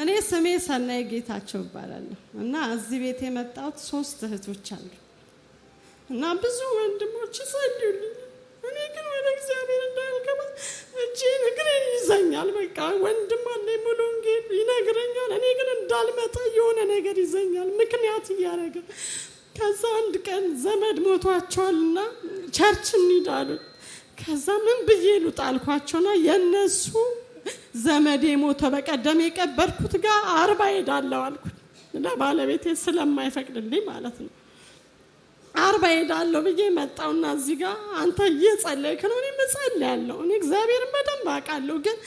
እኔ ስሜ ሰናይ ጌታቸው እባላለሁ እና እዚህ ቤት የመጣሁት ሶስት እህቶች አሉ እና ብዙ ወንድሞች ይጸልዩልኝ። እኔ ግን ወደ እግዚአብሔር እንዳልገባ እጄን እግሬን ይዘኛል። በቃ ወንድም አለ ሙሉ ወንጌል ይነግረኛል። እኔ ግን እንዳልመጣ የሆነ ነገር ይዘኛል፣ ምክንያት እያደረገ ከዛ አንድ ቀን ዘመድ ሞቷቸዋል እና ቸርች እንሂድ አሉኝ። ከዛ ምን ብዬ ልውጣ አልኳቸውና የእነሱ ዘመዴ ሞተ በቀደም የቀበርኩት ጋር አርባ ሄዳለሁ አልኩኝ። ለባለቤቴ ስለማይፈቅድልኝ ማለት ነው። አርባ ሄዳለሁ ብዬ መጣውና እዚህ ጋር አንተ እየጸለይክ ነው፣ እኔም እጸልያለሁ። እኔ እግዚአብሔርን በደንብ አውቃለሁ፣ ግን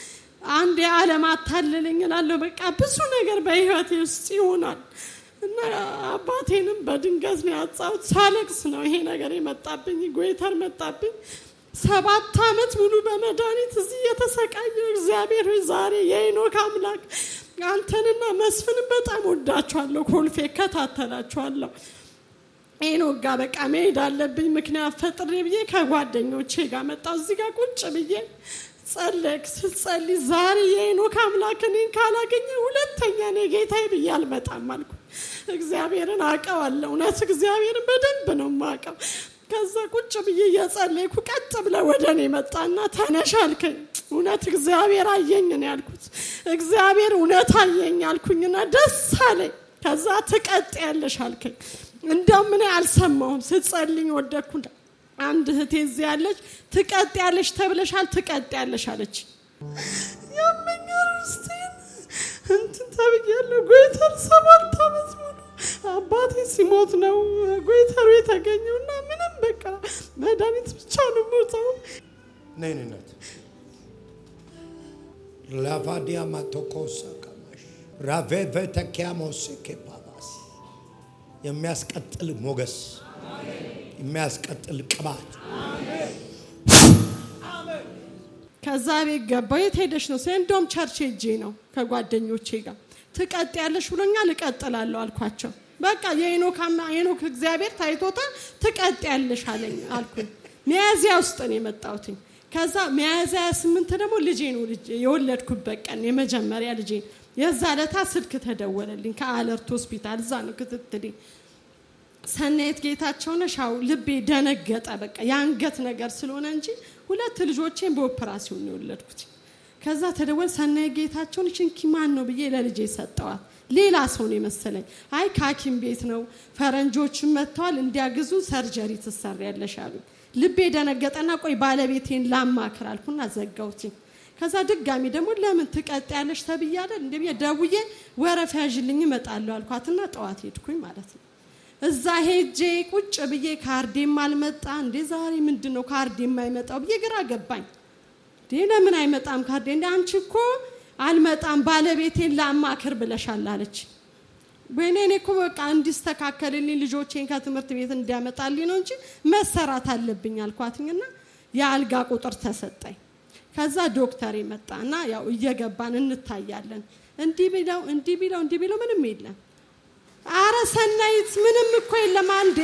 አንድ የዓለም አታልልኝ እላለሁ። በቃ ብዙ ነገር በህይወቴ ውስጥ ይሆናል እና አባቴንም በድንገት ነው ያጻሁት ሳለቅስ ነው ይሄ ነገር የመጣብኝ፣ ጎይተር መጣብኝ። ሰባት ዓመት ሙሉ በመድኃኒት እዚህ የተሰቃየው እግዚአብሔር ዛሬ የሄኖክ አምላክ አንተንና መስፍንን በጣም ወዳችኋለሁ። ኮልፌ እከታተላችኋለሁ። ሄኖክ ጋ በቃ መሄድ አለብኝ ምክንያት ፈጥሬ ብዬ ከጓደኞቼ ጋር መጣ። እዚህ ጋር ቁጭ ብዬ ጸለቅ ስጸል ዛሬ የሄኖክ አምላክ እኔን ካላገኘ ሁለተኛ እኔ ጌታዬ ብዬ አልመጣም አልኩ። እግዚአብሔርን አውቀዋለሁ። እውነት እግዚአብሔርን በደንብ ነው የማውቀው። ከዛ ቁጭ ብዬ እየጸለይኩ ቀጥ ብለ ወደ እኔ መጣና ተነሻ አልከኝ። እውነት እግዚአብሔር አየኝን ያልኩት እግዚአብሔር እውነት አየኝ አልኩኝና ደስ አለኝ። ከዛ ትቀጥ ያለሽ አልከኝ። እንደምን አልሰማሁም ስጸልኝ ወደኩ። አንድ እህቴ እዚህ ያለች ትቀጥ ያለሽ ተብለሻል፣ ትቀጥ ያለሽ አለች። ያመኛል ውስጤን እንትን ተብያለሁ። ጎይተር ሰባት ዓመት አባቴ ሲሞት ነው ጎይተሩ የተገኘውና መድኃኒት ብቻ ነው ሞታው። ነይ እናት ላቫዲያ ማቶኮሳ ቀማሽ ራቬቨ ተኪያሞሴ ኬፓባስ የሚያስቀጥል ሞገስ የሚያስቀጥል ቅባት ከዛ ቤት ገባ። የት ሄደሽ ነው? እንደውም ቸርች ሄጄ ነው ከጓደኞቼ ጋር። ትቀጥ ያለሽ ብሎኛል። እቀጥላለሁ አልኳቸው። በቃ የሄኖካማ ሄኖክ እግዚአብሔር ታይቶታል ትቀጥ ያለሽ አለኝ አልኩኝ። ሚያዝያ ውስጥ ነው የመጣሁትኝ። ከዛ ሚያዝያ ስምንት ደግሞ ልጄ ነው የወለድኩበት ቀን የመጀመሪያ ልጄ። የዛ ለታ ስልክ ተደወለልኝ ከአለርት ሆስፒታል፣ እዛ ነው ክትትሌ። ሰናየት ጌታቸው ነሻው ልቤ ደነገጠ። በቃ የአንገት ነገር ስለሆነ እንጂ ሁለት ልጆቼን በኦፕራሲዮን ነው የወለድኩት። ከዛ ተደወል ሰናየት ጌታቸውን ችንኪ ማን ነው ብዬ ለልጄ ሰጠዋል። ሌላ ሰው ነው የመሰለኝ። አይ ከሐኪም ቤት ነው ፈረንጆችን መጥተዋል እንዲያግዙ ሰርጀሪ ትሰሪያለሽ አሉ። ልቤ ደነገጠና ቆይ ባለቤቴን ላማክር አልኩና ዘጋሁትኝ። ከዛ ድጋሚ ደግሞ ለምን ትቀጥያለሽ ተብያለ እንደ ደውዬ ወረፋ ያዥልኝ እመጣለሁ አልኳትና ጠዋት ሄድኩኝ ማለት ነው። እዛ ሄጄ ቁጭ ብዬ ካርዴም አልመጣ እንዴ ዛሬ ምንድን ነው ካርዴ የማይመጣው ብዬ ግራ ገባኝ። ለምን አይመጣም ካርዴ? እንደ አንቺ እኮ አልመጣም ባለቤቴን ላማክር ብለሻል አለች። ወይኔ እኔ እኮ በቃ እንዲስተካከልልኝ ልጆቼን ከትምህርት ቤት እንዲያመጣልኝ ነው እንጂ መሰራት አለብኝ አልኳትኝና የአልጋ ቁጥር ተሰጠኝ። ከዛ ዶክተር መጣና ያው እየገባን እንታያለን። እንዲህ ቢለው እንዲህ ቢለው እንዲህ ቢለው ምንም የለም። አረ ሰናይት ምንም እኮ የለም አንዴ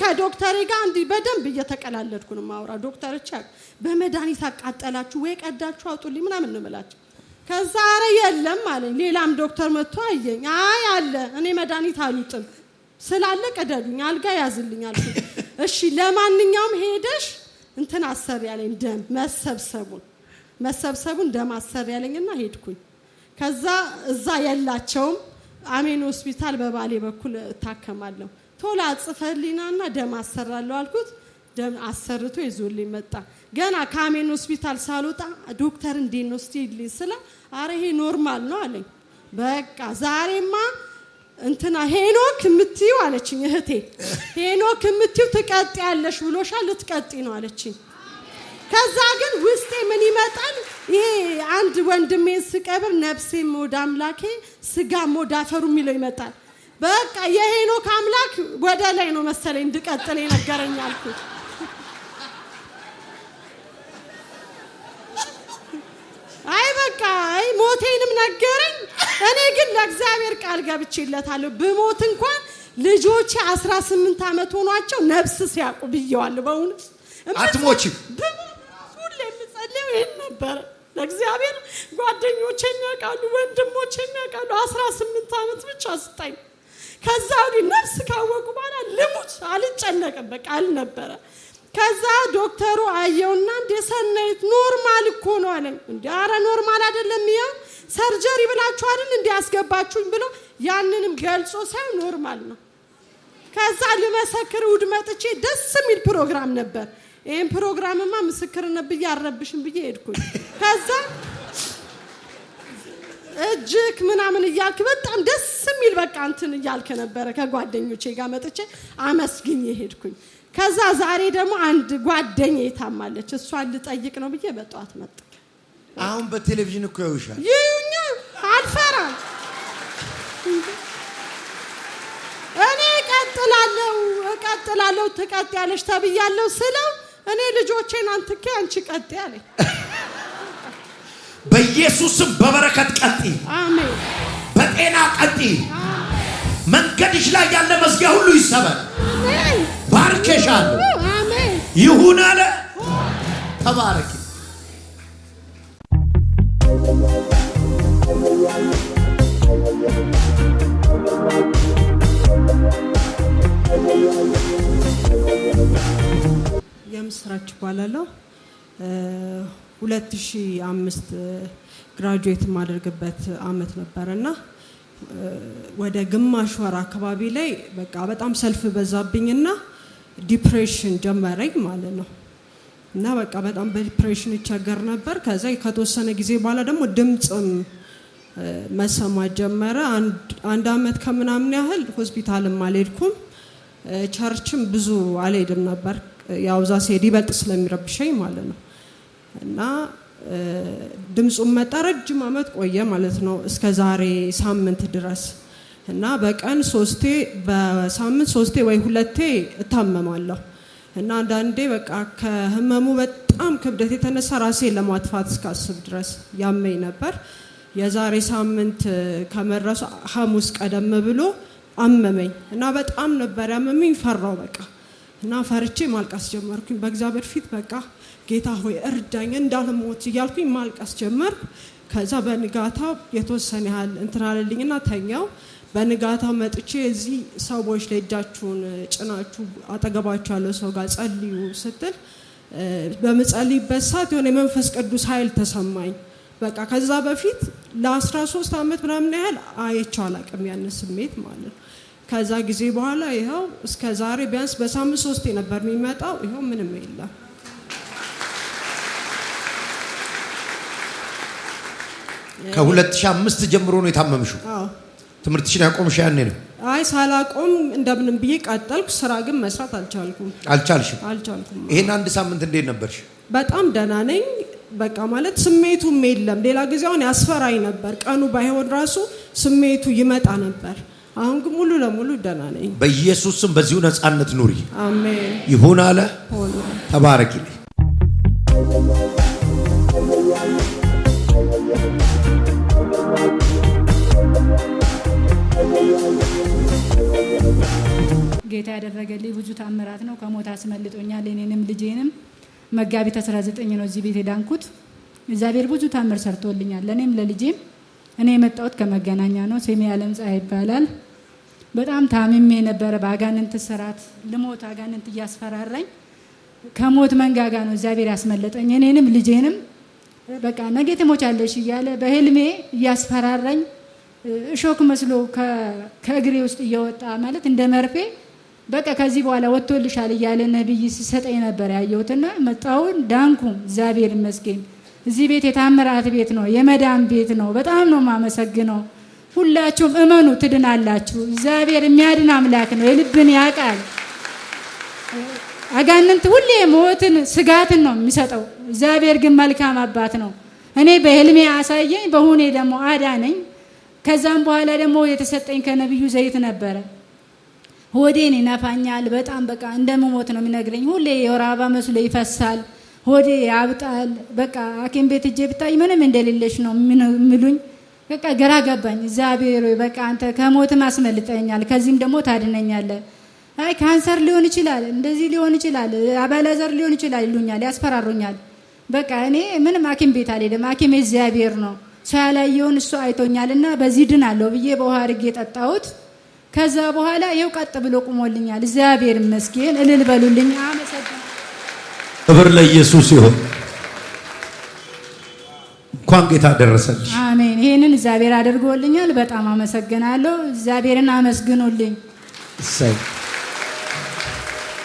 ከዶክተሬ ጋር እንዲህ በደንብ እየተቀላለድኩ ነው የማወራው። ዶክተሮች በመድኃኒት አቃጠላችሁ ወይ ቀዳችሁ አውጡልኝ ምናምን ነው የምላቸው። ከዛ ኧረ የለም አለኝ። ሌላም ዶክተር መጥቶ አየኝ። አይ አለ እኔ መድኃኒት አልውጥም ስላለ ቀደዱኝ፣ አልጋ ያዝልኝ አልኩ። እሺ ለማንኛውም ሄደሽ እንትን አሰር ያለኝ ደም መሰብሰቡን መሰብሰቡን ደም አሰር ያለኝና ሄድኩኝ። ከዛ እዛ የላቸውም አሜን ሆስፒታል በባሌ በኩል እታከማለሁ። ቶሎ አጽፈልናና ደም አሰራለሁ አልኩት። ደም አሰርቶ ይዞልኝ መጣ። ገና ካሜን ሆስፒታል ሳልወጣ ዶክተር እንዴት ነው ስለ አረ ይሄ ኖርማል ነው አለኝ። በቃ ዛሬማ እንትና ሄኖክ እምትይው አለችኝ እህቴ። ሄኖክ እምትይው ትቀጥ ያለሽ ብሎሻል፣ ልትቀጢ ነው አለችኝ። ከዛ ግን ውስጤ ምን ይመጣል? ይሄ አንድ ወንድሜ ስቀብር ነፍሴም ወደ አምላኬ ስጋም ወደ አፈሩ የሚለው ይመጣል። በቃ የሄኖክ አምላክ ወደ ላይ ነው መሰለኝ እንድቀጥል የነገረኝ አልኩት። አይ በቃ አይ ሞቴንም ነገረኝ። እኔ ግን ለእግዚአብሔር ቃል ገብቼለታለሁ ብሞት እንኳን ልጆች አስራ ስምንት ዓመት ሆኗቸው ነፍስ ሲያውቁ ብየዋለሁ። በእውነት አትሞችም ሁሌ የምጸልየው ይህን ነበረ ለእግዚአብሔር። ጓደኞች የሚያውቃሉ፣ ወንድሞች የሚያውቃሉ። አስራ ስምንት ዓመት ብቻ ስጠኝ ከዛ ወዲህ ነፍስ ካወቁ በኋላ ልሙት አልጨነቅም፣ በቃ አልነበረ። ከዛ ዶክተሩ አየውና እንዴ ሰናይት ኖርማል እኮ ነው አለኝ። እንዲ አረ ኖርማል አይደለም ያ ሰርጀሪ ብላችሁ አይደል እንዲ ያስገባችሁኝ ብሎ ያንንም ገልጾ ሳይ ኖርማል ነው። ከዛ ልመሰክር እሑድ መጥቼ ደስ የሚል ፕሮግራም ነበር። ይህን ፕሮግራምማ ምስክርነት ብዬ አረብሽን ብዬ ሄድኩኝ ከዛ እጅክ ምናምን እያልክ በጣም ደስ የሚል በቃ እንትን እያልክ ነበረ። ከጓደኞቼ ጋር መጥቼ አመስግኝ ሄድኩኝ። ከዛ ዛሬ ደግሞ አንድ ጓደኛ የታማለች እሷን ልጠይቅ ነው ብዬ በጠዋት መጣ። አሁን በቴሌቪዥን እኮ ይውሻል ይዩኛ አልፈራም፣ እኔ እቀጥላለሁ፣ እቀጥላለሁ። ትቀጥ ያለች ተብያለሁ ስለው እኔ ልጆቼን አንትኬ አንቺ ቀጥ ያለኝ በኢየሱስም በበረከት ቀጢ በጤና ቀጢ መንገድሽ ላይ ያለ መዝጊያ ሁሉ ይሰበር። ባርኬሻለሁ። ይሁን አለ። ተባረኪ። የምስራች ይባላለሁ። 2005 ግራጁዌት የማደርግበት አመት ነበረ እና ወደ ግማሽ ወር አካባቢ ላይ በቃ በጣም ሰልፍ በዛብኝና ዲፕሬሽን ጀመረኝ ማለት ነው። እና በቃ በጣም በዲፕሬሽን ይቸገር ነበር። ከዛ ከተወሰነ ጊዜ በኋላ ደግሞ ድምፅም መሰማት ጀመረ። አንድ አመት ከምናምን ያህል ሆስፒታልም አልሄድኩም፣ ቸርችም ብዙ አልሄድም ነበር። ያው እዛ ስሄድ ይበልጥ ስለሚረብሸኝ ማለት ነው። እና ድምፁም መጣ። ረጅም ዓመት ቆየ ማለት ነው እስከ ዛሬ ሳምንት ድረስ እና በቀን ሶስቴ በሳምንት ሶስቴ ወይ ሁለቴ እታመማለሁ እና አንዳንዴ በቃ ከህመሙ በጣም ክብደት የተነሳ ራሴን ለማጥፋት እስካስብ ድረስ ያመኝ ነበር። የዛሬ ሳምንት ከመድረሱ ሀሙስ ቀደም ብሎ አመመኝ እና በጣም ነበር ያመመኝ። ፈራው በቃ እና ፈርቼ ማልቃስ ጀመርኩኝ በእግዚአብሔር ፊት በቃ ጌታ ሆይ እርዳኝ እንዳልሞት እያልኩኝ ማልቀስ ጀመር። ከዛ በንጋታ የተወሰነ ያህል እንትን አለልኝና ተኛው። በንጋታ መጥቼ እዚህ ሰዎች ላይ እጃችሁን ጭናችሁ አጠገባችሁ ያለው ሰው ጋር ጸልዩ ስትል በምጸልይበት ሰዓት የሆነ የመንፈስ ቅዱስ ኃይል ተሰማኝ። በቃ ከዛ በፊት ለ13 ዓመት ምናምን ያህል አይቼው አላቅም ያንን ስሜት ማለት ነው። ከዛ ጊዜ በኋላ ይኸው እስከ ዛሬ ቢያንስ በሳምንት ሶስቴ ነበር የሚመጣው። ይኸው ምንም የለም። ከ2005 ጀምሮ ነው የታመምሽው? ትምህርትሽን ያቆምሽ ያኔ ነው? አይ ሳላቆም እንደምንም ብዬ ቀጠልኩ። ስራ ግን መስራት አልቻልኩም። አልቻልሽም? አልቻልኩም። ይሄን አንድ ሳምንት እንዴት ነበርሽ? በጣም ደህና ነኝ። በቃ ማለት ስሜቱም የለም። ሌላ ጊዜ አሁን ያስፈራኝ ነበር። ቀኑ ባይሆን ራሱ ስሜቱ ይመጣ ነበር። አሁን ግን ሙሉ ለሙሉ ደህና ነኝ። በኢየሱስም በዚሁ ነፃነት ኑሪ። አሜን። ይሁን አለ። ተባረኪ። ያደረገልኝ ብዙ ታምራት ነው። ከሞት አስመልጦኛል። እኔንም ልጄንም መጋቢት 19 ነው እዚህ ቤት የዳንኩት። እግዚአብሔር ብዙ ታምር ሰርቶልኛል፣ ለእኔም ለልጄም። እኔ የመጣሁት ከመገናኛ ነው። ስሜ አለም ፀሐይ ይባላል። በጣም ታምሜ ነበረ በአጋንንት ስራት ልሞት አጋንንት እያስፈራራኝ ከሞት መንጋጋ ነው እግዚአብሔር ያስመለጠኝ እኔንም ልጄንም በቃ ነገ ትሞቻለሽ እያለ በህልሜ እያስፈራራኝ እሾክ መስሎ ከእግሬ ውስጥ እየወጣ ማለት እንደ መርፌ በቃ ከዚህ በኋላ ወጥቶልሻል እያለ ነብይ ሲሰጠኝ ነበር ያየሁትና መጣውን ዳንኩ። እግዚአብሔር ይመስገን። እዚህ ቤት የታምራት ቤት ነው፣ የመዳን ቤት ነው። በጣም ነው የማመሰግነው። ሁላችሁም እመኑ፣ ትድናላችሁ። እግዚአብሔር የሚያድን አምላክ ነው፣ የልብን ያውቃል። አጋንንት ሁሌ ሞትን ስጋትን ነው የሚሰጠው። እግዚአብሔር ግን መልካም አባት ነው። እኔ በህልሜ አሳየኝ፣ በሁኔ ደግሞ አዳነኝ። ከዛም በኋላ ደግሞ የተሰጠኝ ከነብዩ ዘይት ነበረ ሆዴን ይነፋኛል። በጣም በቃ እንደምሞት ነው የሚነግረኝ። ሁሌ የወር አበባ መስሎ ይፈሳል፣ ሆዴ ያብጣል። በቃ ሐኪም ቤት እጄ ብታይ ምንም እንደሌለሽ ነው የሚሉኝ። በቃ ግራ ገባኝ። እግዚአብሔር በቃ አንተ ከሞትም አስመልጠኛል፣ ከዚህም ደግሞ ታድነኛለህ። አይ ካንሰር ሊሆን ይችላል፣ እንደዚህ ሊሆን ይችላል፣ አባላዘር ሊሆን ይችላል ይሉኛል፣ ያስፈራሩኛል። በቃ እኔ ምንም ሐኪም ቤት አልሄድም። ሐኪም እግዚአብሔር ነው። ሰው ያላየውን እሱ አይቶኛልና በዚህ አለው ብዬ በውሃ አድርጌ ጠጣሁት። ከዛ በኋላ ይኸው ቀጥ ብሎ ቁሞልኛል። እግዚአብሔር ይመስገን። እልል በሉልኝ። አመሰግናለሁ። ክብር ለኢየሱስ ይሁን። እንኳን ጌታ ደረሰልሽ። አሜን። ይሄንን እግዚአብሔር አድርጎልኛል። በጣም አመሰግናለሁ። እግዚአብሔርን አመስግኑልኝ። እሰይ